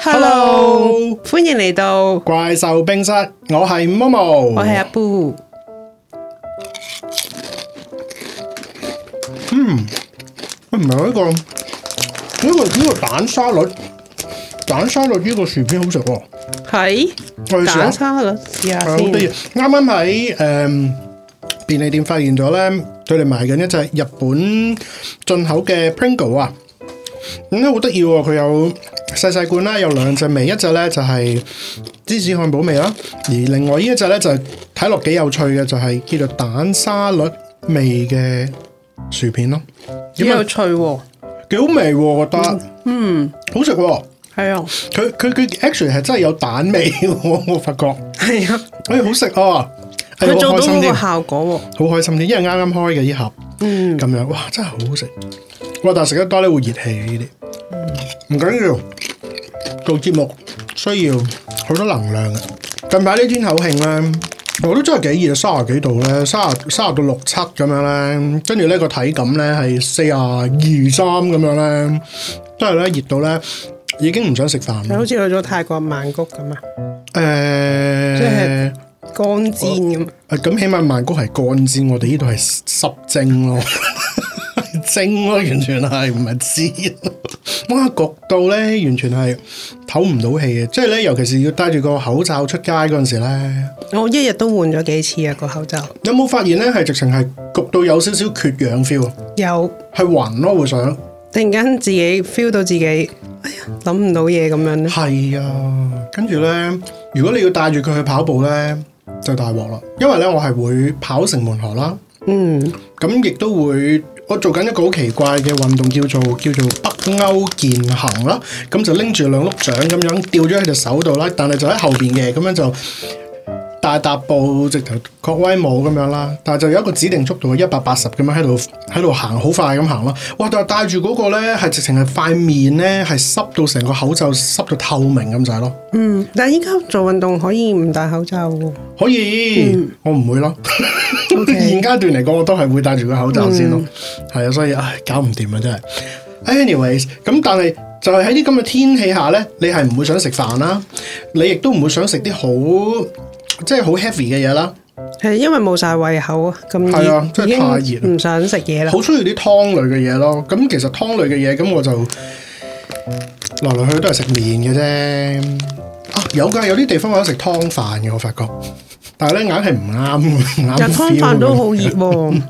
Hello，歡迎嚟到怪獸冰室。我係 Momo，我係阿 Boo。嗯，唔係呢個呢個呢個蛋沙律，蛋沙律呢個薯片好食喎。係蛋沙律，試下先。啱啱喺誒便利店發現咗咧，佢哋賣緊一隻日本進口嘅 Pringle 啊，點解好得意，佢有。細細罐啦，有兩隻味，一隻咧就係芝士漢堡味啦，而另外呢一隻咧就係睇落幾有趣嘅，就係、是、叫做蛋沙律味嘅薯片咯。幾有趣，幾好味，我覺得，嗯，嗯好食，係啊，佢佢佢，actually 係真係有蛋味，我發覺，係啊，誒、欸，好食啊，佢做到嗰個效果，好開心啲，因為啱啱開嘅呢盒，嗯，咁樣，哇，真係好好食，哇，但係食得多咧會熱氣呢啲，唔緊要。嗯做節目需要好多能量啊！近排呢天口慶咧，我都真係幾熱，三十幾度咧，三十、三十到六七咁樣咧，跟住呢個體感咧係四啊二三咁樣咧，都係咧熱到咧已經唔想食飯。你好似去咗泰國曼谷咁啊？誒、呃，即係乾煎咁。誒，咁起碼曼谷係乾煎，我哋呢度係濕蒸咯。 蒸咯、啊，完全係唔係知。哇、 啊，焗到咧，完全係唞唔到氣嘅。即係咧，尤其是要戴住個口罩出街嗰陣時咧，我一日都換咗幾次啊個口罩。有冇發現咧，係直情係焗到有少少缺氧 feel？有，係暈咯會想，突然間自己 feel 到自己，哎呀，諗唔到嘢咁樣咧。係啊，跟住咧，如果你要戴住佢去跑步咧，就大鑊啦。因為咧，我係會跑城門河啦。嗯，咁亦都會。我做緊一個好奇怪嘅運動，叫做，叫做北歐健行啦，咁就拎住兩碌掌咁樣吊咗喺隻手度啦，但係就喺後面嘅，咁樣就。大踏步直頭狂威冇，咁樣啦，但係就有一個指定速度 180,，一百八十咁樣喺度喺度行，好快咁行咯。哇！就戴住嗰個咧，係直情係塊面咧，係濕到成個口罩濕到透明咁仔咯。嗯，但係依家做運動可以唔戴口罩噶？可以，嗯、我唔會咯。 Okay. 現階段嚟講，我都係會戴住個口罩先咯。係啊、嗯，所以唉，搞唔掂啊，真係。Anyways，咁但係就係喺啲咁嘅天氣下咧，你係唔會想食飯啦，你亦都唔會想食啲好。即係好 heavy 嘅嘢啦，係因為冇晒胃口啊，咁係啊，真係太熱，唔想食嘢啦。好中意啲湯類嘅嘢咯，咁其實湯類嘅嘢咁我就來來去去都係食麵嘅啫。啊，有㗎，有啲地方我想食湯飯嘅，我發覺，但係咧硬係唔啱。就湯飯都好熱，湯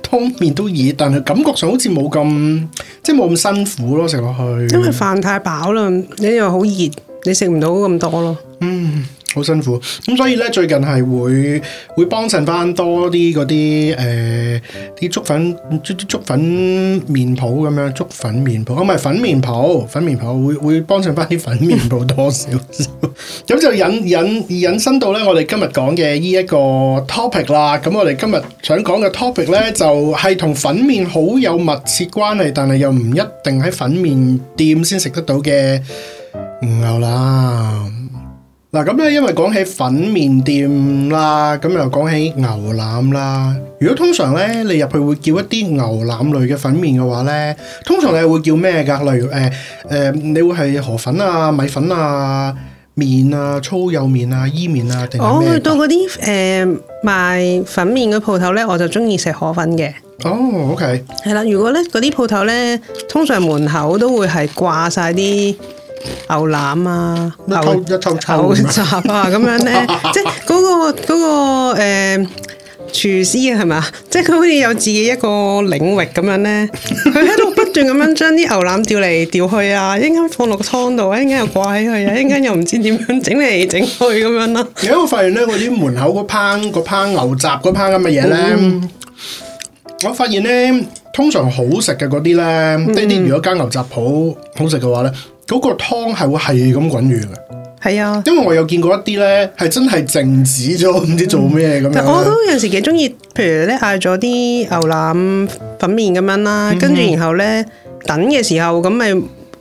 湯麵都熱，但係感覺上好似冇咁即係冇咁辛苦咯，食落去。因為飯太飽啦，你又好熱，你食唔到咁多咯。嗯。好辛苦咁，所以呢，最近係會會幫襯翻多啲嗰啲誒啲粥粉粥粥粉麵鋪咁樣粥粉麵鋪，唔係粉麵鋪，粉麵鋪會會幫襯翻啲粉麵鋪多少少，咁 就引引引申到呢，我哋今日講嘅呢一個 topic 啦。咁我哋今日想講嘅 topic 呢，就係、是、同粉麵好有密切關係，但係又唔一定喺粉麵店先食得到嘅，牛啦。嗱咁咧，因為講起粉麵店啦，咁又講起牛腩啦。如果通常咧，你入去會叫一啲牛腩類嘅粉麵嘅話咧，通常你係會叫咩噶？例如誒誒、呃，你會係河粉啊、米粉啊、麵啊、粗幼麵啊、伊麵啊，定係咩？哦，我去到嗰啲誒賣粉麵嘅鋪頭咧，我就中意食河粉嘅。哦，OK。係啦，如果咧嗰啲鋪頭咧，通常門口都會係掛晒啲。牛腩啊，牛牛雜啊，咁 樣咧，即係嗰、個嗰、個誒廚、呃、師係咪，即係佢好似有自己一個領域咁樣咧，佢喺度不斷咁樣將啲牛腩調嚟調去啊，一陣放落個湯度啊，一陣又掛起去啊、嗯，一陣又唔知點樣整嚟整去咁樣咯。有冇發現咧？我啲門口嗰烹嗰烹牛雜嗰烹咁嘅嘢咧，我發現咧通常好食嘅嗰啲咧，即係如果間牛雜鋪好食嘅話咧。嗯 嗰個湯係會係咁滾完嘅，係啊，因為我有見過一啲咧係真係靜止咗，唔知做咩咁、嗯、樣。我都有時幾中意，譬如咧嗌咗啲牛腩粉麵咁樣啦，跟住、嗯、哼然後咧等嘅時候咁咪。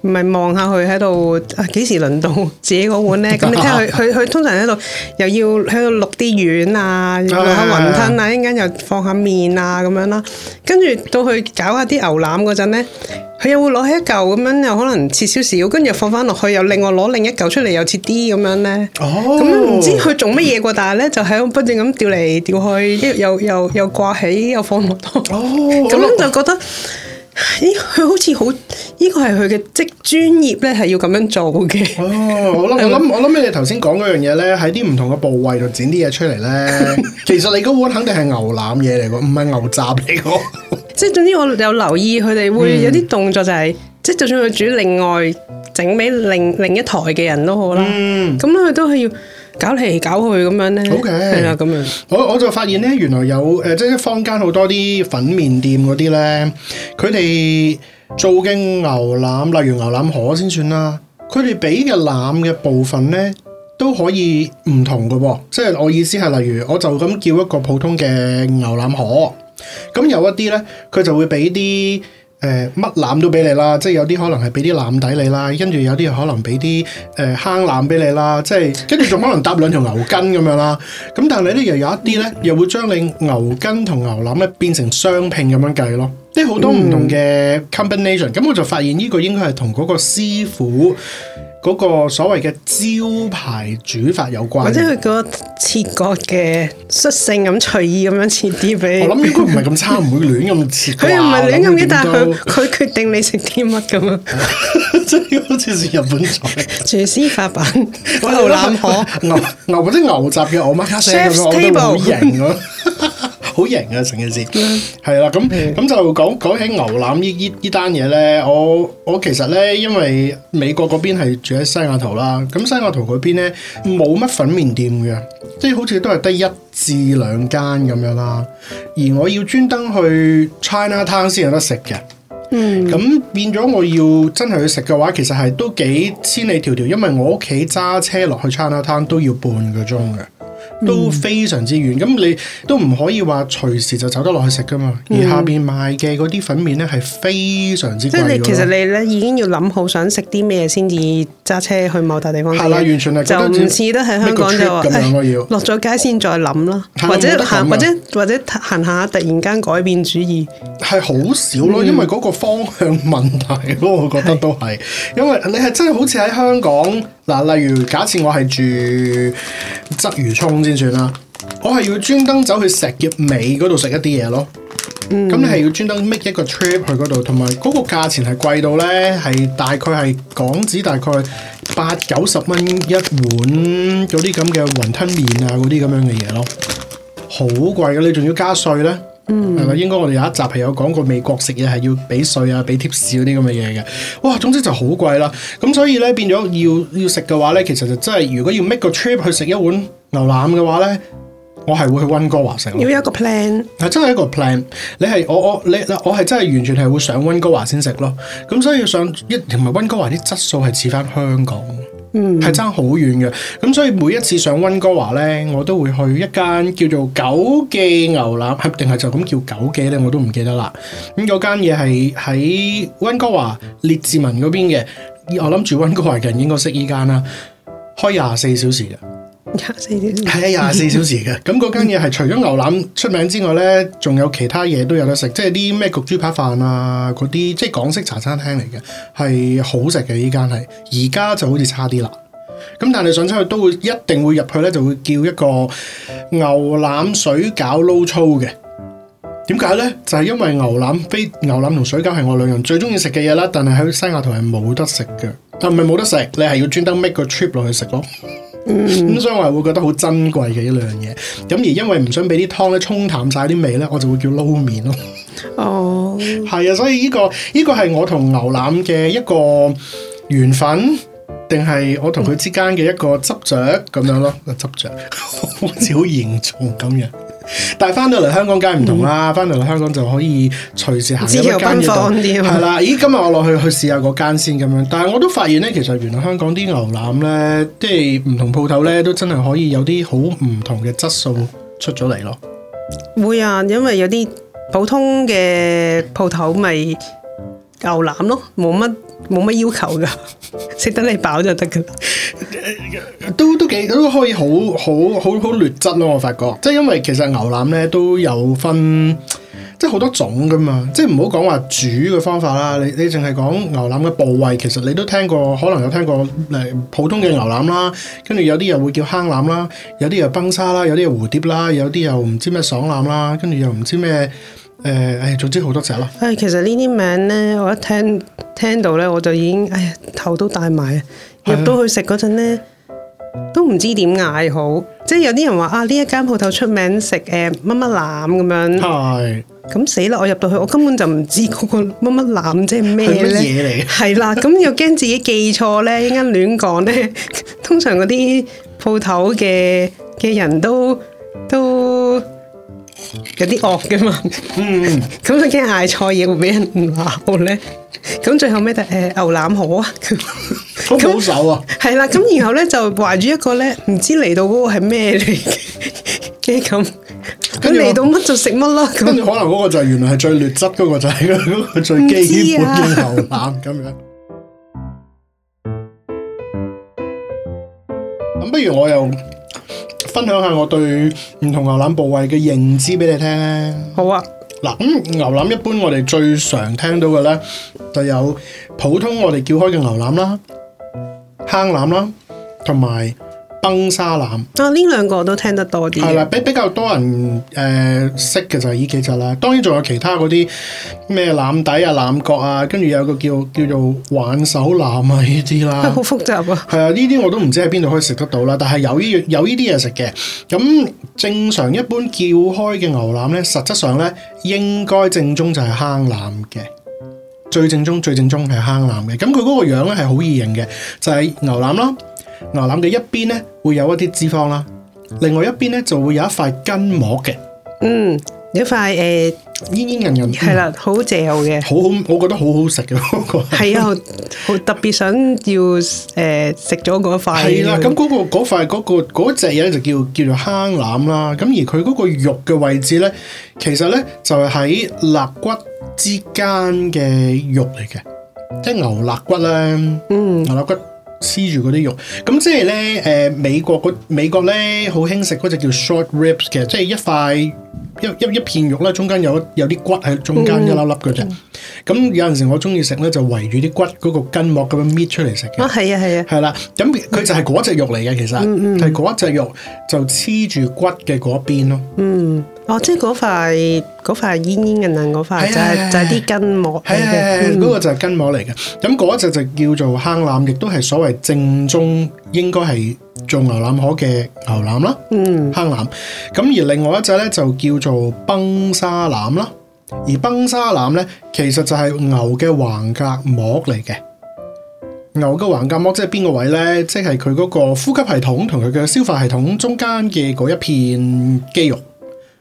唔係望下佢喺度，啊，幾時輪到自己嗰碗咧？咁 你聽下佢佢佢通常喺度，又要喺度碌啲丸啊，落下 雲吞啊，一陣間又放下麵啊咁樣啦。跟住到佢搞下啲牛腩嗰陣咧，佢又會攞起一嚿咁樣，又可能切少少，跟住放翻落去，又另外攞另一嚿出嚟，又切啲咁樣咧。哦，咁唔知佢做乜嘢個，但係咧就喺度不斷咁掉嚟掉去，又又又，又，又掛起，又放落咁、哦、 就覺得。 依佢好似好，依個係佢嘅即專業咧，係要咁樣做嘅。哦，我諗 我諗，我諗起你哋頭先講嗰樣嘢咧，喺啲唔同嘅部位度剪啲嘢出嚟咧。 其實你個碗肯定係牛腩嘢嚟嘅，唔係牛雜嚟嘅。即係總之，我有留意佢哋會有啲動作，就係，就係、嗯、即係，就算佢煮另外整俾另另一台嘅人都好啦。咁佢、嗯、都係要。搞嚟搞去咁樣呢，好嘅，係啦咁樣。我我就發現呢，原來有誒，即係坊間好多啲粉麵店嗰啲呢，佢哋做嘅牛腩，例如牛腩河先算啦。佢哋俾嘅腩嘅部分呢，都可以唔同嘅喎，哦。即係我意思係，例如我就咁叫一個普通嘅牛腩河，咁有一啲呢，佢就會俾啲。誒乜腩都俾你啦，即係有啲可能係俾啲腩底你啦，跟住有啲可能俾啲誒坑腩俾你啦，即係跟住仲可能搭兩條牛筋咁樣啦，咁但係呢又有一啲呢，又會將你牛筋同牛腩呢變成雙拼咁樣計咯，即係好多唔同嘅 combination、嗯。咁我就發現呢個應該係同嗰個師傅。嗰個所謂嘅招牌煮法有關，或者佢個切割嘅率性咁隨意咁樣切啲俾你我諗，應該唔係咁差，唔 會亂咁切。佢唔係亂咁嘅，但係佢佢決定你食啲乜咁啊！ 真係好似是日本菜，廚師法版 喂牛腩河、牛牛嗰啲牛，牛雜嘅，馬卡 s 我媽家姐好型咯。 好型呀，成件事，係啦，咁咁就講講起牛腩呢呢單嘢呢。我我其實呢，因為美國嗰邊係住喺西雅圖啦，咁西雅圖嗰邊呢，冇乜粉麵店嘅，即係好似都係得一至兩間咁樣啦。而我要專登去 China Town 先有得食嘅。嗯，咁變咗我要真係去食嘅話，其實係都幾千里迢迢，因為我屋企揸車落去 China Town 都要半個鐘嘅。都非常之遠，咁你都唔可以話隨時就走得落去食㗎嘛。而下邊賣嘅嗰啲粉麵咧，係非常之貴。即係你其實你咧已經要諗好，想食啲咩先至揸車去某笪地方。係啦，完全係就唔似得喺香港就咁樣咯。要落咗街先再諗咯，或者行，或者或者行下，突然間改變主意係好少咯。因為嗰個方向問題咯，我覺得都係，因為你係真係好似喺香港。嗱，例如假設我係住鰂魚涌先算啦，我係要專登走去石硤尾嗰度食一啲嘢咯。嗯，咁你係要專登 make 一個 trip 去嗰度，同埋嗰個價錢係貴到咧，係大概係港紙大概八九十蚊一碗嗰啲咁嘅雲吞麵啊嗰啲咁樣嘅嘢咯，好貴嘅，你仲要加稅咧？係咪？ 應該我哋有一集係有講過美國食嘢係要俾稅啊、俾貼士嗰啲咁嘅嘢嘅。哇，總之就好貴啦。咁所以咧變咗要要食嘅話咧，其實就真係如果要 make 個 trip 去食一碗牛腩嘅話咧，我係會去溫哥華食。要有一個 plan。係真係一個 plan 你。你係我我你嗱，我係真係完全係會上溫哥華先食咯。咁所以要上一同埋溫哥華啲質素係似翻香港。嗯差，係爭好遠嘅，咁所以每一次上溫哥華咧，我都會去一間叫做九記牛腩，係定係就咁叫九記咧，我都唔記得啦。咁嗰間嘢係喺溫哥華列治文嗰邊嘅，我諗住溫哥華嘅人應該識依間啦，開廿四小時嘅。廿四小時係啊，廿四小時嘅咁嗰間嘢係除咗牛腩出名之外呢，仲有其他嘢都有得食，即係啲咩焗豬扒飯啊嗰啲，即係港式茶餐廳嚟嘅，係好食嘅呢間係。而家就好似差啲啦，咁但係上出去都會一定會入去呢就會叫一個牛腩水餃撈粗嘅。點解呢？就係、是、因為牛腩非牛腩同水餃係我兩樣最中意食嘅嘢啦。但係喺西雅圖係冇得食嘅，但係唔係冇得食，你係要專登 make 個 trip 落去食咯。咁、嗯、所以我係會覺得好珍貴嘅一兩樣嘢，咁而因為唔想俾啲湯咧沖淡晒啲味咧，我就會叫撈麵咯。哦，係啊，所以呢、呢個呢、呢個係我同牛腩嘅一個緣分，定係我同佢之間嘅一個執着咁、嗯、樣咯。個執着 好似好嚴重咁樣。但係翻到嚟香港梗係唔同啦，啊，翻、嗯、到嚟香港就可以隨時行。自由奔放啲，啊。係啦的，咦， 今日我落去去試下嗰間先咁樣，但係我都發現咧，其實原來香港啲牛腩咧，即係唔同鋪頭咧，都真係可以有啲好唔同嘅質素出咗嚟咯。會啊，因為有啲普通嘅鋪頭咪。牛腩咯，冇乜冇乜要求噶，食 得你飽就得噶啦。都都幾都可以好好好，好劣質咯，我發覺，即係因為其實牛腩咧都有分，即係好多種噶嘛。即係唔好講話煮嘅方法啦，你你淨係講牛腩嘅部位，其實你都聽過，可能有聽過，誒普通嘅牛腩啦，跟住有啲又會叫坑腩啦，有啲又崩沙啦，有啲又蝴蝶啦，有啲又唔知咩爽腩啦，跟住又唔知咩。誒誒、呃，總之好多隻咯。誒、哎，其實呢啲名咧，我一聽聽到咧，我就已經哎呀頭都大埋啊！入到去食嗰陣咧，的都唔知點嗌好。即係有啲人話啊，呢一間鋪頭出名食誒乜乜腩咁樣。係的。咁死啦！我入到去，我根本就唔知嗰個乜乜腩即係咩嘢嚟。係啦，咁 又驚自己記錯咧，一陣間亂講咧。通常嗰啲鋪頭嘅嘅人都都。都有啲惡嘅嘛，嗯，咁驚嗌錯嘢會俾人鬧咧，咁最後咩、呃？就誒牛腩河啊，好保守啊，係啦，咁然後咧就懷住一個咧，唔知嚟到嗰個係咩嚟嘅咁，咁嚟到乜就食乜咯，跟住可能嗰個就係原來係最劣質嗰、嗰個就係、是、嗰個，個最基本嘅牛腩咁樣，咁不、啊、 不如我又。分享下我對唔同牛腩部位嘅認知俾你聽咧。好啊，嗱，咁牛腩一般我哋最常聽到嘅咧，就有普通我哋叫開嘅牛腩啦、坑腩啦，同埋崩沙腩啊！呢兩個都聽得多啲。係啦，比比較多人誒、呃、識嘅就係呢幾隻啦。當然仲有其他嗰啲咩腩底啊、腩角啊，跟住有個叫叫做挽手腩啊呢啲啦。好 複雜啊！係啊，呢啲我都唔知喺邊度可以食得到啦。但係有呢有呢啲嘢食嘅。咁正常一般叫開嘅牛腩咧，實質上咧應該正宗就係坑腩嘅。最正宗最正宗係坑腩嘅。咁佢嗰個樣咧係好易認嘅，就係、是、牛腩啦。牛腩嘅一邊咧會有一啲脂肪啦，另外一邊咧就會有一塊筋膜嘅。嗯，一塊誒，煙煙韌韌，係啦，好嚼嘅，好我覺得好好食嘅嗰個。係啊，好特別想要誒食咗嗰塊。係啦，咁嗰個嗰塊嗰個嗰隻嘢就叫叫做坑腩啦。咁而佢嗰個肉嘅位置咧，其實咧就係喺肋骨之間嘅肉嚟嘅，即係牛肋骨咧。嗯，牛肋骨。黐住嗰啲肉，咁即係咧，誒、呃、美國嗰美國咧好興食嗰隻叫 short ribs 嘅，即係一塊一一一片肉啦，中間有有啲骨喺中間一粒粒嘅啫。咁、嗯、有陣時我中意食咧，就圍住啲骨嗰個筋膜咁樣搣出嚟食。嘅。哦，係啊，係啊，係啦，咁佢就係嗰隻肉嚟嘅，其實係嗰一隻肉就黐住骨嘅嗰邊咯。嗯。哦，即係嗰塊嗰塊煙煙韌韌嗰塊，塊煙煙塊就係、是啊、就係啲筋膜。係係嗰個就係筋膜嚟嘅。咁嗰隻就叫做坑腩，亦都係所謂正宗，應該係做牛腩河嘅牛腩啦。嗯，坑腩。咁而另外一隻咧就叫做崩沙腩啦。而崩沙腩咧，其實就係牛嘅橫膈膜嚟嘅。牛嘅橫膈膜即係邊個位咧？即係佢嗰個呼吸系統同佢嘅消化系統中間嘅嗰一片肌肉。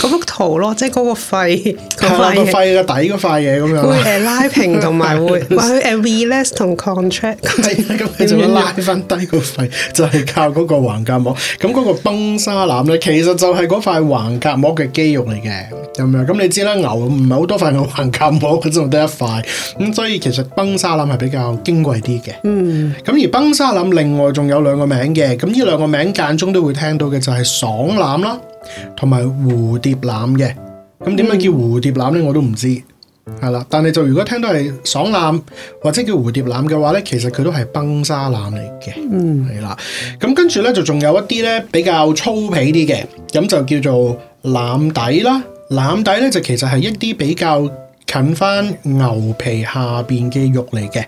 嗰幅 圖咯，即係嗰個肺，個肺嘅底嗰塊嘢咁樣，會誒拉平，同埋會佢誒 release 同 contract，係啊，咁你要拉翻低個肺，就係靠嗰個橫膈膜。咁嗰個崩沙腩咧，其實就係嗰塊橫膈膜嘅肌肉嚟嘅，咁樣。咁你知啦，牛唔係好多塊嘅橫膈膜，佢只得一塊。咁所以其實崩沙腩係比較矜貴啲嘅。嗯。咁而崩沙腩另外仲有兩個名嘅，咁呢兩個名間中都會聽到嘅就係、是、爽腩啦。同埋蝴蝶腩嘅，咁點樣叫蝴蝶腩呢？我都唔知，係啦。但係就如果聽到係爽腩或者叫蝴蝶腩嘅話呢，其實佢都係崩沙腩嚟嘅，係啦、嗯。咁跟住呢，就仲有一啲呢比較粗皮啲嘅，咁就叫做腩底啦。腩底呢，就其實係一啲比較近翻牛皮下邊嘅肉嚟嘅，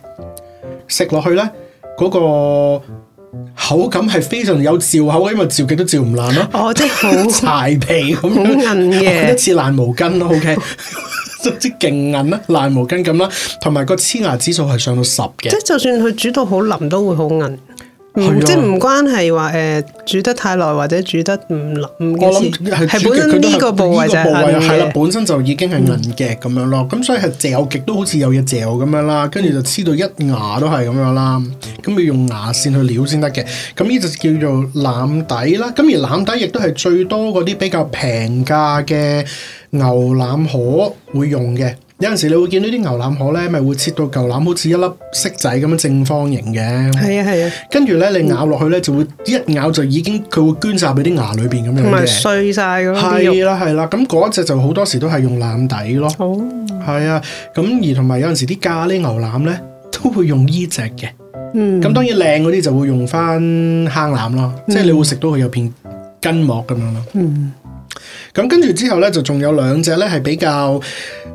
食落去呢，嗰、嗰個。口感係非常有嚼口，因為嚼極都嚼唔爛咯。哦，即係好 柴皮咁，好韌嘅，好似爛毛巾咯。OK， 總之勁韌啦，爛毛巾咁啦，同埋個黐牙指數係上到十嘅。即係就算佢煮到好腍，都會好韌。嗯啊，即係唔關係話誒，煮得太耐或者煮得唔腍，我諗係本身呢個部位就係係的啦，本身就已經係硬嘅咁樣咯。咁所以係嚼極都好似有嘢嚼咁樣啦，跟、嗯、住、嗯、就黐到一牙都係咁樣啦。咁、嗯嗯、要用牙線去撩先得嘅。咁呢就叫做腩底啦。咁而腩底亦都係最多嗰啲比較平價嘅牛腩河會用嘅。有陣時你會見到啲牛腩河咧，咪會切到牛腩好似一粒骰仔咁樣正方形嘅。係啊係啊，跟住咧，你咬落去咧，就會一咬就已經佢會捐晒俾啲牙裏邊咁樣同埋碎晒㗎。係啦係啦，咁嗰隻就好多時都係用腩底咯。好。係啊，咁而同埋有陣時啲咖喱牛腩咧，都會用呢隻嘅。嗯。咁當然靚嗰啲就會用翻坑腩咯，嗯、即係你會食到佢有片筋膜咁樣咯。嗯。咁跟住之後咧，就仲有兩隻咧係比較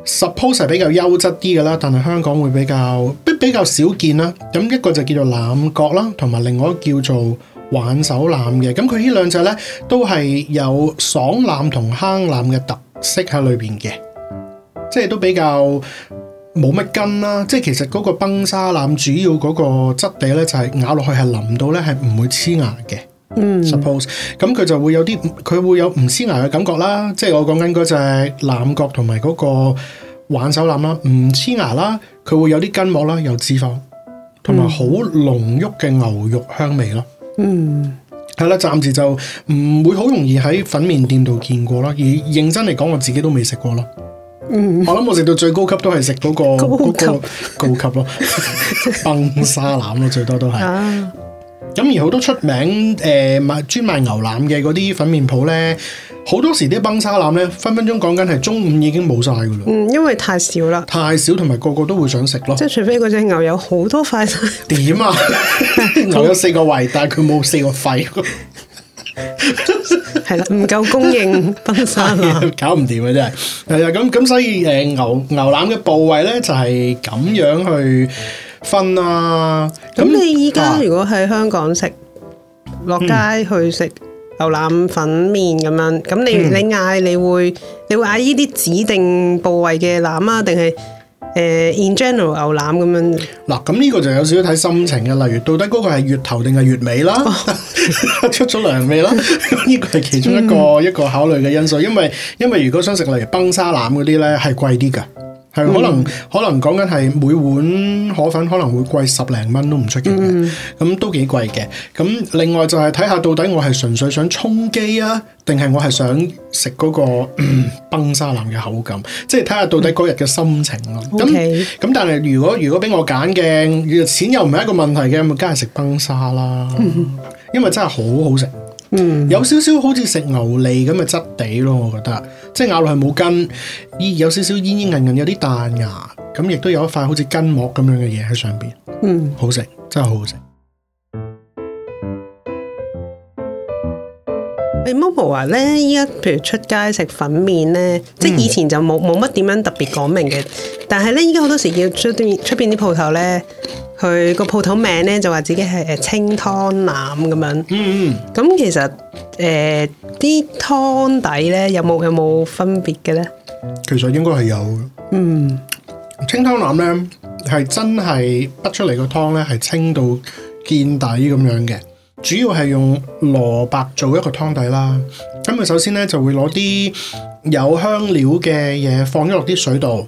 suppose 係比較優質啲嘅啦，但係香港會比較比比較少見啦。咁一個就叫做腩角啦，同埋另外一個叫做挽手腩嘅。咁佢呢兩隻咧都係有爽腩同坑腩嘅特色喺裏邊嘅，即係都比較冇乜筋啦。即係其實嗰個崩沙腩主要嗰個質地咧就係、是、咬落去係腍到咧係唔會黐牙嘅。嗯，咁佢就會有啲，佢會有唔黐牙嘅感覺啦，即係我講緊嗰隻腩角同埋嗰個挽手腩啦，唔黐、嗯、牙啦，佢會有啲筋膜啦，有脂肪，同埋好濃郁嘅牛肉香味咯。嗯，係啦，暫時就唔會好容易喺粉麵店度見過啦，而認真嚟講，我自己都未食過咯。嗯，我諗我食到最高級都係食嗰個嗰個高級、高級、高級咯，崩沙腩咯，最多都係、啊。咁而好多出名誒賣、呃、專賣牛腩嘅嗰啲粉麵舖咧，好多時啲崩沙腩咧，分分鐘講緊係中午已經冇晒㗎啦。嗯，因為太少啦，太少同埋個個都會想食咯。即係除非嗰隻牛有好多塊，塊。點啊？ 牛有四個胃，但係佢冇四個肺。係啦，唔夠供應崩沙腩啊！ 嗯、搞唔掂嘅真係係啊！咁、嗯、咁，所以誒、呃、牛牛腩嘅部位咧，就係、係、咁樣去。分啊！咁你依家如果喺香港食，落街去食牛腩粉麵咁樣，咁你你嗌你會，你會嗌呢啲指定部位嘅腩啊，定係誒 in general 牛腩咁樣？嗱，咁呢個就有少少睇心情嘅，例如到底嗰個係月頭定係月尾啦，出咗糧未啦？呢個係其中一個一個考慮嘅因素，因為因為如果想食例如崩沙腩嗰啲咧，係貴啲㗎。可能、mm hmm. 可能講緊係每碗河粉可能會貴十零蚊都唔出奇嘅，咁、mm hmm. 嗯、都幾貴嘅。咁、嗯、另外就係睇下到底我係純粹想充飢啊，定係我係想食嗰、那個、嗯、崩沙腩嘅口感，即係睇下到底嗰日嘅心情咯。咁咁但係如果如果俾我揀嘅，錢又唔係一個問題嘅，咪梗係食崩沙啦，mm hmm. 因為真係好好食。嗯， 有少少好似食牛脷咁嘅質地咯，我覺得，即係咬落去冇筋，煙有少少煙煙韌韌，有啲彈牙，咁亦都有一塊好似筋膜咁樣嘅嘢喺上邊。 好好嗯，好食、欸，真係好好食。誒，Momo 話咧，依家譬如出街食粉麵咧，嗯、即係以前就冇冇乜點樣特別講明嘅，嗯、 但係咧依家好多時要出邊出邊啲鋪頭咧。佢個鋪頭名咧就話自己係誒清湯腩咁樣，嗯，咁其實誒啲湯底咧有冇有冇分別嘅咧？其實應該係有嘅，嗯，清湯腩咧係真係出嚟個湯咧係清到見底咁樣嘅，主要係用蘿蔔做一個湯底啦。咁佢首先咧就會攞啲有香料嘅嘢放咗落啲水度。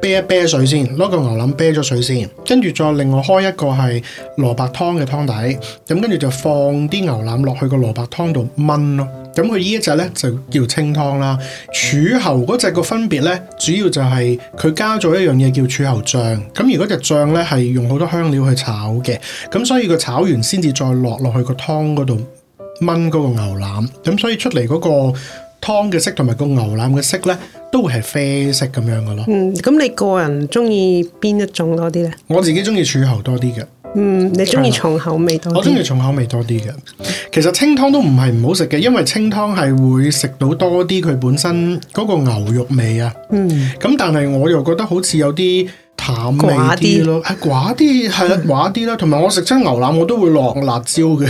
啤一啤水先，攞個牛腩啤咗水先，跟住再另外開一個係蘿蔔湯嘅湯底，咁跟住就放啲牛腩落去個蘿蔔湯度炆咯。咁佢呢一隻呢就叫清湯啦。柱侯嗰隻個分別呢，主要就係佢加咗一樣嘢叫柱侯醬。咁而嗰隻醬呢，係用好多香料去炒嘅，咁所以佢炒完先至再落落去個湯嗰度炆嗰個牛腩，咁所以出嚟嗰、嗰個。湯嘅色同埋個牛腩嘅色呢，都會係啡色咁樣嘅咯。嗯，咁你個人中意邊一種多啲呢？我自己中意柱侯多啲嘅。嗯，你中意重口味多啲？我中意重口味多啲嘅。其實清湯都唔係唔好食嘅，因為清湯係會食到多啲佢本身嗰個牛肉味啊。嗯，咁但係我又覺得好似有啲淡味啲咯，係寡啲，係寡啲啦。同埋、嗯、我食親牛腩，我都會落辣椒嘅。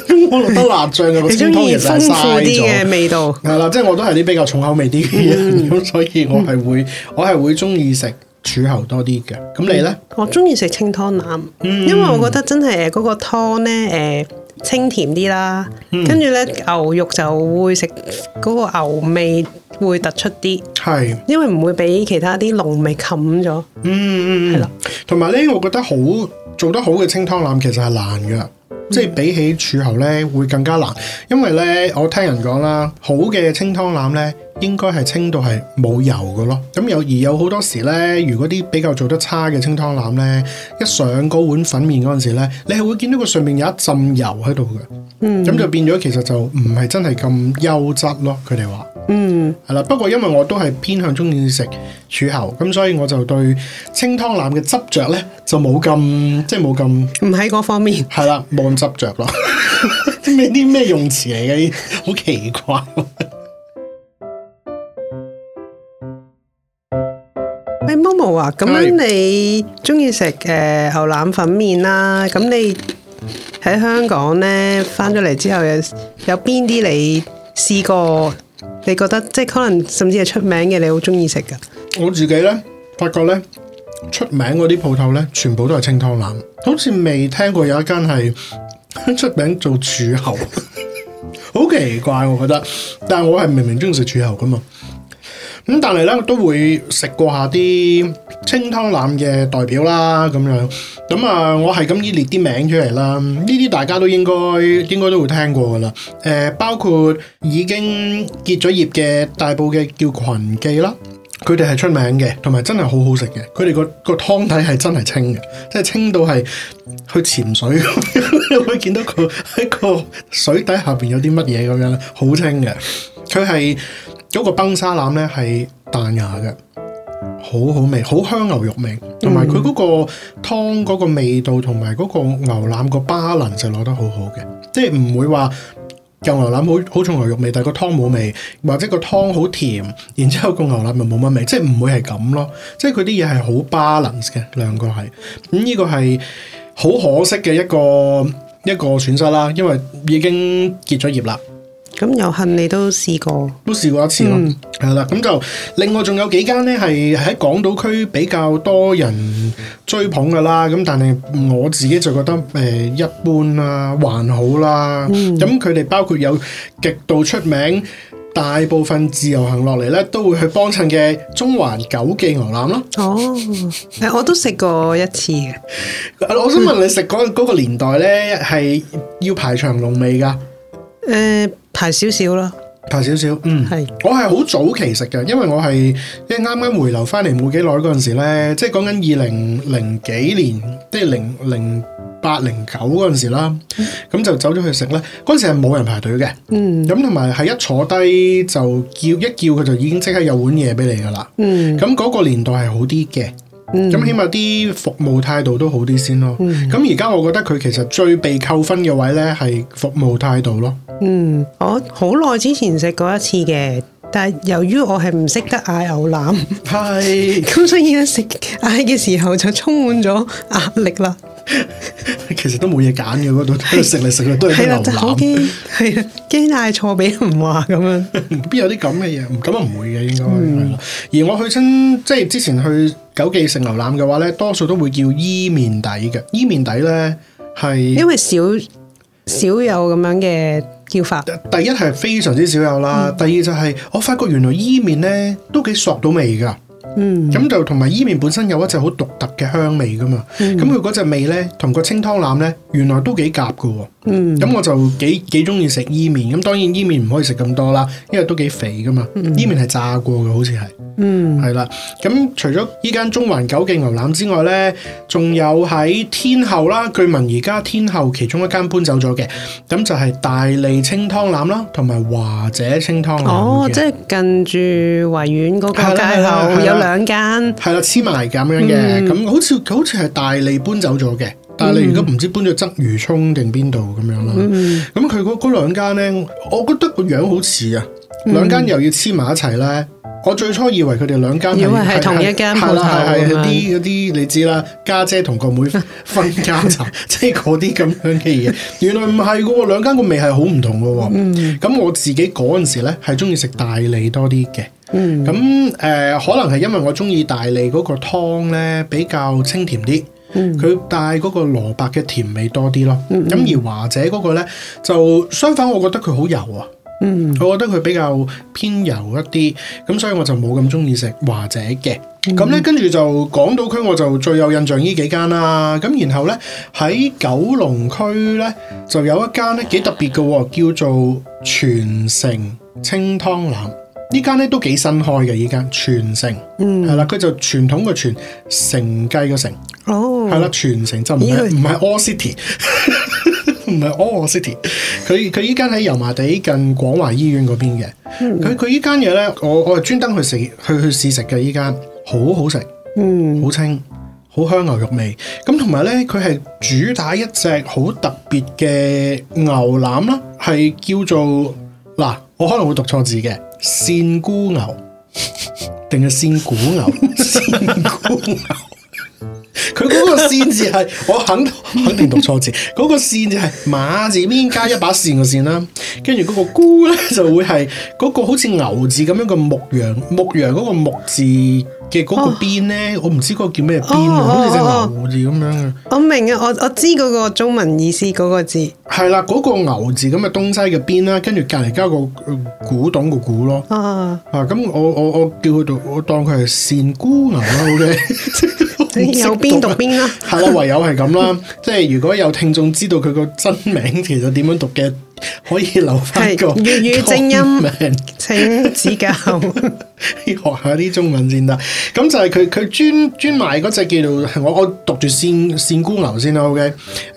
我覺得辣醬嘅清湯其實係嘥咗，中意豐富啲嘅味道，係啦，即係、就是、我都係啲比較重口味啲嘅人，咁、嗯、所以我係會，我係會中意食柱侯多啲嘅。咁你咧、嗯？我中意食清湯腩，嗯、因為我覺得真係誒嗰個湯咧誒清甜啲啦，跟住咧牛肉就會食嗰、那個牛味會突出啲，係是，因為唔會俾其他啲濃味冚咗，嗯嗯，係啦的。同埋咧，我覺得好做得好嘅清湯腩其實係難嘅。即係比起柱侯咧，會更加難，因為咧我聽人講啦，好嘅清湯腩咧，應該係清到係冇油嘅咯。咁，有而有好多時咧，如果啲比較做得差嘅清湯腩咧，一上嗰碗粉麵嗰陣時咧，你係會見到個上面有一浸油喺度嘅。嗯，咁就變咗其實就唔係真係咁優質咯。佢哋話，嗯，係啦。不過因為我都係偏向中意食柱侯，咁所以我就對清湯腩嘅執着咧，就冇咁即係冇咁唔喺嗰方面係啦。咁執着咯，啲咩啲咩用詞嚟嘅， 好奇怪。喂、hey,，Momo 啊，咁 Hey. 你中意食誒牛腩粉麵啦、啊？咁你喺香港咧翻咗嚟之後，有有邊啲你試過？你覺得即係可能甚至係出名嘅，你好中意食噶？我自己咧，發覺咧，出名嗰啲鋪頭咧，全部都係清湯腩，好似未聽過有一間係出名做柱侯，好 奇怪我覺得。但係我係明明中意食柱侯噶嘛，咁、嗯、但係咧都會食過下啲清湯腩嘅代表啦，咁樣咁啊、嗯，我係咁意列啲名出嚟啦。呢啲大家都應該應該都會聽過噶啦，誒、呃，包括已經結咗業嘅大埔嘅叫群記啦。佢哋係出名嘅，同埋真係好好食嘅。佢哋個個湯底係真係清嘅，即係清到係去潛水咁 你會見到佢喺個水底下邊有啲乜嘢咁樣，好清嘅。佢係嗰個崩沙腩咧係彈牙嘅，好好味，好香牛肉味，同埋佢嗰個湯嗰個味道同埋嗰個牛腩個 balance 就攞得好好嘅，即係唔會話，牛腩好好重牛肉味，但係個湯冇味，或者個湯好甜，然之後個牛腩咪冇乜味，即係唔會係咁咯，即係佢啲嘢係好 balance 嘅，兩個係，咁，嗯，呢個係好可惜嘅一個一個損失啦，因為已經結咗業啦。咁有幸你都試過，都試過一次咯，係啦。咁就另外仲有幾間咧，係喺港島區比較多人追捧噶啦。咁但係我自己就覺得誒一般啦，還好啦。咁佢哋包括有極度出名，大部分自由行落嚟咧都會去幫襯嘅中環九記牛腩咯。哦，誒，我都食過一次嘅。我想問你食嗰嗰個年代咧，係要排長龍未噶？誒。排少少咯，排少少，嗯，係是，我係好早期食嘅，因為我係即係啱啱回流翻嚟冇幾耐嗰陣時咧，即係講緊二零零幾年，即係零零八零九嗰陣時啦，咁、嗯、就走咗去食咧，嗰陣時係冇人排隊嘅，嗯，咁同埋係一坐低就叫一叫佢就已經即刻有碗嘢俾你噶啦，嗯，咁嗰個年代係好啲嘅。咁、嗯、起碼啲服務態度都好啲先咯。咁而家我覺得佢其實最被扣分嘅位咧係服務態度咯。嗯，我好耐之前食過一次嘅，但係由於我係唔識得嗌牛腩，係、哎，咁 所以咧食嗌嘅時候就充滿咗壓力啦。 其實都冇嘢揀嘅喺度，食嚟食去，都係牛腩，係啊，驚嗌錯俾人話咁樣，邊有啲咁嘅嘢？咁啊唔會嘅，應該、嗯、而我去親即係之前去九記食牛腩嘅話咧，多數都會叫伊麵底嘅。伊麵底咧係因為少少有咁樣嘅叫法。第一係非常之少有啦，嗯、第二就係我發覺原來伊麵咧都幾索到味噶。嗯，咁就同埋伊麵本身有一隻好獨特嘅香味噶嘛，咁佢嗰隻味咧，同個清湯腩咧，原來都幾夾噶，咁我就幾幾中意食伊麵，咁當然伊麵唔可以食咁多啦，因為都幾肥噶嘛，伊麵係炸過嘅，好似係，係啦，咁除咗依間中環九記牛腩之外咧，仲有喺天后啦，據聞而家天后其中一間搬走咗嘅，咁就係大利清湯腩啦，同埋華姐清湯腩，哦，即係近住維園嗰間，兩間係啦，黐埋咁樣嘅，咁好似好似係大利搬走咗嘅，大利如果唔知搬咗鰂魚涌定邊度咁樣啦，咁佢嗰嗰兩間咧，我覺得個樣好似啊，兩間又要黐埋一齊咧，我最初以為佢哋兩間係同一間，係啦係啲嗰啲你知啦，家姐同個妹分家產，即係嗰啲咁樣嘅嘢，原來唔係噶，兩間個味係好唔同噶，咁我自己嗰陣時咧係中意食大利多啲嘅。嗯，咁誒、呃，可能係因為我中意大利嗰個湯咧，比較清甜啲，嗯嗯，嗯，佢帶嗰個蘿蔔嘅甜味多啲咯，咁而華姐嗰個咧，就相反，我覺得佢好油啊，嗯，我覺得佢比較偏油一啲，咁所以我就冇咁中意食華姐嘅，咁咧跟住就港島區我就最有印象呢幾間啦，咁然後咧喺九龍區咧就有一間咧幾特別嘅，啊，叫做全城清湯腩。呢間咧都幾新開嘅，呢間全城係啦，佢、嗯、就傳統嘅全城雞個城，係啦、哦、全城就唔係唔係 All City，唔係 All City。佢佢呢間喺油麻地近廣華醫院嗰邊嘅，佢佢、嗯、呢間嘢咧，我我係專登去食去去試食嘅呢間，好好食，嗯，好清，好香牛肉味。咁同埋咧，佢係主打一隻好特別嘅牛腩啦，係叫做嗱、啊，我可能會讀錯讀字嘅。騸牯牛定係騸牯牛？騸牯牛。佢嗰個騸字係我肯我肯定讀錯字，嗰 個騸字係馬字邊加一把扇嘅扇啦，跟住嗰個牯咧就會係嗰個好似牛字咁樣嘅牧羊，牧羊嗰個牧字嘅嗰個邊咧，我唔知嗰個叫咩邊？好似只牛字咁樣。我明啊，我我知嗰個中文意思嗰、那個字係啦，嗰、那個牛字咁嘅東西嘅邊啦，跟住隔籬加個古董個古咯。Oh. 啊，咁我我我叫佢讀，我當佢係騸牯牛啦，OK。 啊、有邊讀邊 啦，係啦，唯有係咁啦。即係如果有聽眾知道佢個真名其實點樣讀嘅，可以留翻個粵 語,語正音 comment 請指教。 學下啲中文先得，咁就係佢佢專專賣嗰隻叫做我我讀住騸騸牯牛先啦，OK？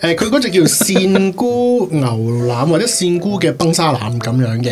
誒，佢嗰隻叫做騸牯牛腩或者騸牯嘅崩沙腩咁樣嘅，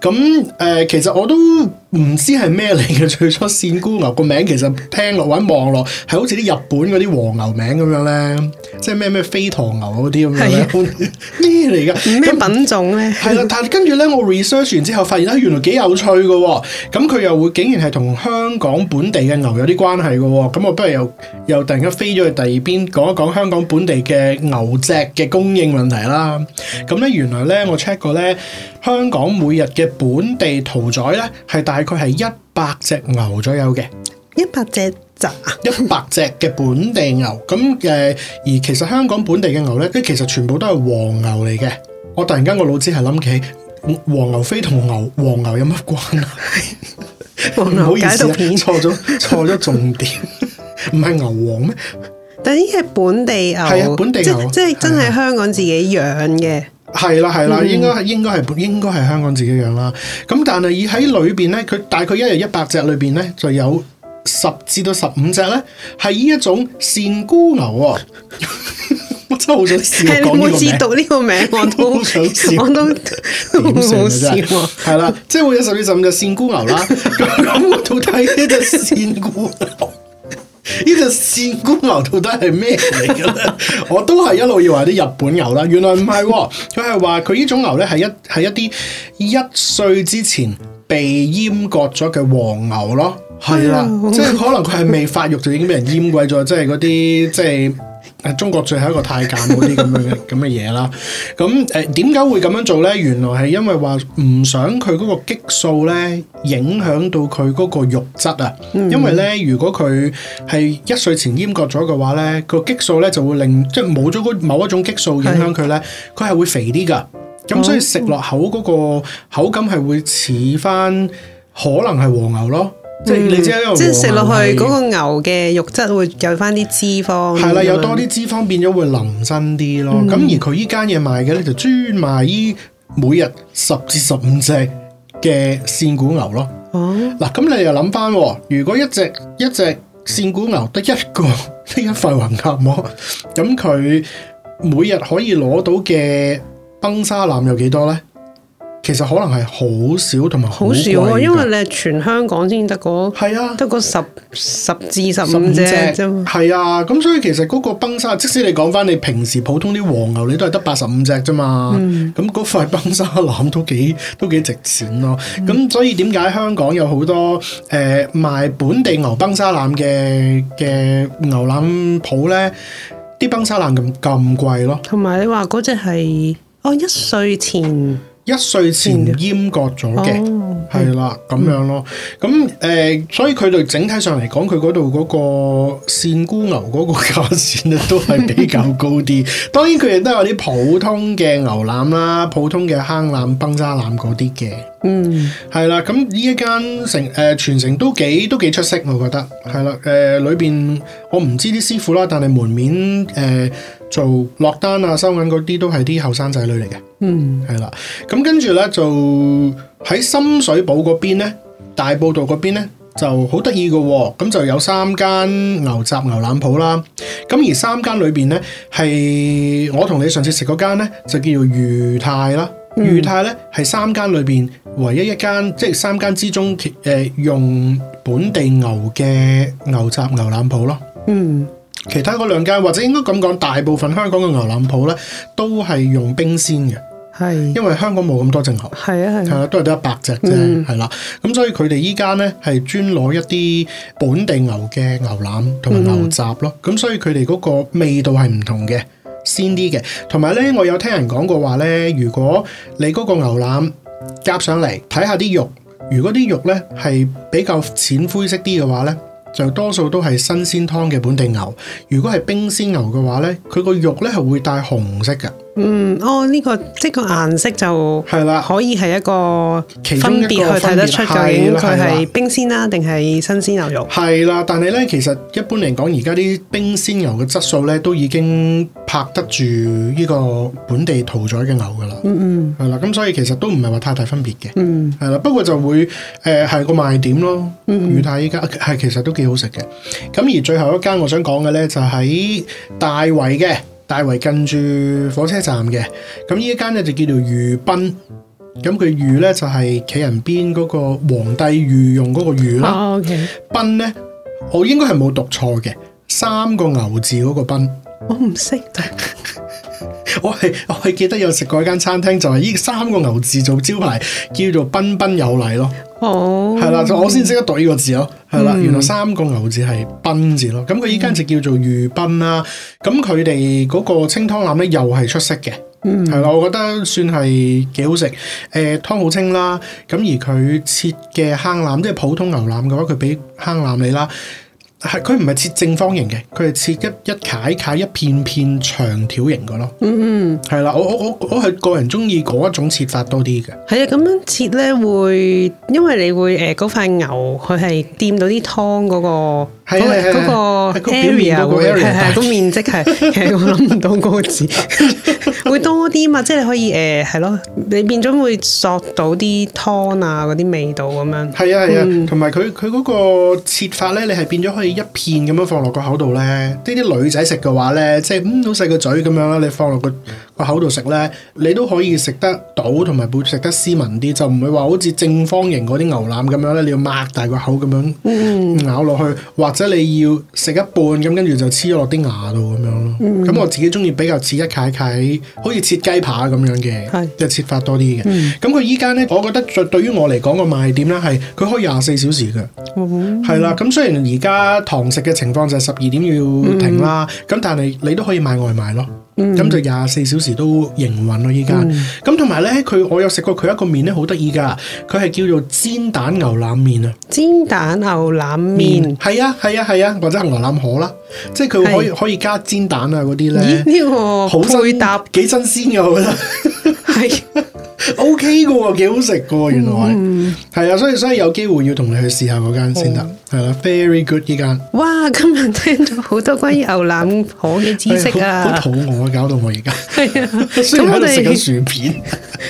咁、嗯、誒、呃，其實我都唔知係咩嚟嘅。最初騸牯牛個名其實聽落或者望落係好似啲日本嗰啲黃牛名咁樣咧，即係咩咩飛驒牛嗰啲咁樣咧，咩嚟噶？咩品種咧？係啦那， 但係跟住咧，我 research 完之後發現咧，原來幾有趣噶，咁、嗯、佢又。我竟然係同香港本地嘅牛有啲關係嘅、哦，咁我不如又又突然間飛咗去第二邊講一講香港本地嘅牛隻嘅供應問題啦。咁咧原來咧我 check 過咧，香港每日嘅本地屠宰咧係大概係一百隻牛左右嘅，一百隻咋？一百隻嘅本地牛咁嘅， 而其實香港本地嘅牛咧，咧其實全部都係黃牛嚟嘅。我突然間個腦子係諗起黃牛飛同牛黃牛有乜關係？ 唔好意思、啊，錯咗錯咗重點，唔係 牛王咩？但係呢係本地牛，係啊 即，本地牛，即係真係香港自己養嘅。係、嗯、啦係啦，應該係應該係應該係香港自己養啦。咁但係以喺裏邊咧，佢大概一日一百隻裏邊咧，就有十至到十五隻咧，係呢一種騸牯牛。啊。 真係好想笑，講呢個名我都好想笑，我都好想、啊、笑。係啦，即係會有十二十五日騸牯牛啦。咁我 到底呢隻騸牯牛，呢隻 騸牯牛到底係咩嚟嘅咧？ 我都係一路以為啲日本牛啦，原來唔係、哦，佢係話佢呢種牛咧係一係一啲一歲之前被閹割咗嘅黃牛咯。係啦，即係、哦、可能佢係未發育就已經俾人閹鬼咗，即係嗰啲即係。中國最後一個太監嗰啲咁樣嘅咁嘅嘢啦，咁誒， 點、呃、解會咁樣做呢？原來係因為話唔想佢嗰個激素呢影響到佢嗰個肉質啊。嗯、因為呢，如果佢係一歲前閹割咗嘅話呢，個激素呢就會令即係冇咗某一種激素影響佢呢，佢係是會肥啲噶。咁所以食落口嗰個口感係會似翻，可能係黃牛咯。即係、嗯、你知，即係食落去嗰個牛嘅肉質會有翻啲脂肪，係啦的，嗎有多啲脂肪變咗會腍身啲咯。咁、嗯、而佢呢間嘢賣嘅咧就專賣於每日十至十五隻嘅騸牯牛咯。嗱、哦、咁、啊、你又諗翻，如果一，隻一隻隻一隻騸牯牛得一個呢 一塊雲夾膜，咁 佢每日可以攞到嘅崩沙腩有幾多咧？其實可能係好少，同埋好貴。因為你係全香港先得個，係啊，得個十十至十五隻啫。係啊，咁所以其實嗰個崩沙，即使你講返你平時普通啲黃牛，你都係得八十五隻啫嘛。咁嗰、嗯、塊崩沙腩都幾都幾值錢咯。咁、嗯、所以點解香港有好多誒、呃、賣本地牛崩沙腩嘅嘅牛腩鋪咧？啲崩沙腩咁咁貴咯？同埋你話嗰隻係哦，一歲前，一歲前閹割咗嘅，係啦咁樣咯，咁誒、呃，所以佢哋整體上嚟講，佢嗰度嗰個騸牯牛嗰個價錢咧都係比較高啲。 當然佢亦都有啲普通嘅牛腩啦，啊，普通嘅坑腩、崩沙腩嗰啲嘅。嗯，係啦，咁呢一間成誒全城都幾都幾出色，我覺得係啦，誒、呃、裏邊我唔知啲師傅啦，但係門面誒、呃、做落單啊收銀嗰啲都係啲後生仔女嚟嘅，嗯，係啦，咁跟住咧就喺深水埗嗰邊咧，大埔道嗰邊咧就好得意噶，咁就有三間牛雜牛腩鋪啦，咁而三間裏邊咧係我同你上次食嗰間咧就叫做裕泰啦。裕泰咧係三間裏邊唯一一間，即係三間之中，其、呃、誒用本地牛嘅牛雜牛腩鋪咯。嗯，其他嗰兩間或者應該咁講，大部分香港嘅牛腩鋪咧都係用冰鮮嘅。係是，因為香港冇咁多正牛。係啊係。係啦、啊，都係得一百隻啫，係啦、嗯。咁、啊、所以佢哋依間咧係專攞一啲本地牛嘅牛腩同埋牛雜咯。咁、嗯嗯、所以佢哋嗰個味道係唔同嘅。鮮啲嘅，同埋咧，我有聽人講過話咧，如果你嗰個牛腩夾上嚟睇下啲肉，如果啲肉咧係比較淺灰色啲嘅話咧，就多數都係新鮮劏嘅本地牛；如果係冰鮮牛嘅話咧，佢個肉咧係會帶紅色嘅。嗯，哦，呢、這個即個顏色就係啦的，可以係一個分別，個分別去睇得出究竟佢係冰鮮啦，定係的新鮮牛肉？係啦，但係咧，其實一般嚟講，而家啲冰鮮牛嘅質素咧，都已經拍得住呢個本地屠宰嘅牛噶啦。嗯嗯，係啦，咁所以其實都唔係話太大分別嘅。嗯，係啦，不過就會誒係、呃、個賣點咯。嗯，雨泰依家係、啊、其實都幾好食嘅。咁而最後一間我想講嘅咧，就喺大圍嘅。大圍近住火車站嘅，咁呢一間咧就叫做御賓，咁佢御咧就係、是、企人邊嗰個皇帝御用嗰個御啦。賓咧、oh, okay. 我應該係冇讀錯嘅，三個牛字嗰個賓，我唔識， 我係我係記得有食過一間餐廳，就係呢三個牛字做招牌，叫做彬彬有禮咯。哦，係啦、oh, okay.，就我先識得讀呢個字咯，係啦，mm hmm. 原來三個牛字係斌字咯，咁佢依間就叫做魚斌啦，咁佢哋嗰個清湯腩咧又係出色嘅，係啦、mm hmm.，我覺得算係幾好食，誒、呃，湯好清啦，咁而佢切嘅坑腩，即係普通牛腩嘅話，佢畀坑腩你啦。係佢唔係切正方形嘅，佢係切一一解一片片長條形嘅咯。嗯，係啦，我我我我係個人中意嗰一種切法多啲嘅。係啊，咁樣切咧會，因為你會誒嗰塊牛佢係掂到啲湯嗰個，嗰個 area，係係個面積係，係我諗唔到個字。 會多啲嘛？即係你可以誒係咯，你變咗會索到啲湯啊嗰啲味道咁樣。係啊，係啊，同埋佢佢嗰個切法咧，你係變咗可以一片咁樣放落個口度咧。啲啲女仔食嘅話咧，即係嗯，好細個嘴咁樣啦，你放落個口度食咧，你都可以食得到，同埋會食得斯文啲，就唔會話好似正方形嗰啲牛腩咁樣咧，你要擘大個口咁樣咬落去，嗯、或者你要食一半咁，跟住就黐咗落啲牙度咁樣咯。咁、嗯、我自己中意比較切一契契，好似切雞扒咁樣嘅，即是切法多啲嘅。咁佢依家咧，我覺得對於我嚟講個賣點咧，係佢可以廿四小時嘅，係啦、嗯。咁雖然而家堂食嘅情況就係十二點要停啦，咁、嗯、但係你都可以買外賣咯。咁、嗯、就廿四小時都營運咯，依家，咁同埋咧，佢我有食過佢一個麵咧，好得意噶，佢係叫做煎蛋牛腩麵啊，煎蛋牛腩麵係、嗯、啊係啊係啊，啊，或者牛腩河啦，嗯、即係佢可以是可以加煎蛋啊嗰啲咧，呢、呢個好新，新鮮幾新鮮嘅，我覺得係。 O K 嘅喎，幾好食嘅喎，原來係啊、嗯，所以所以有機會要同你去試下嗰間先得，係啦、哦、Very good 呢間。哇！今日聽到好多關於牛腩河嘅知識啊，好肚 餓啊，搞到我而家係啊，咁我哋食緊薯片，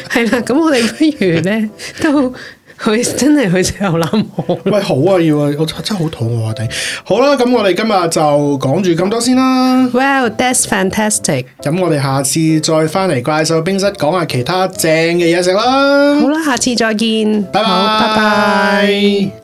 係啦，咁我哋不如咧都。佢 真係佢真係好諗我， 喂，好啊，要啊，我真係好肚餓啊弟，好啦、啊、咁我哋今日就講住咁多先啦。Well that's fantastic。咁我哋下次再翻嚟怪獸冰室講下其他正嘅嘢食啦。好啦、啊，下次再見。拜拜 bye。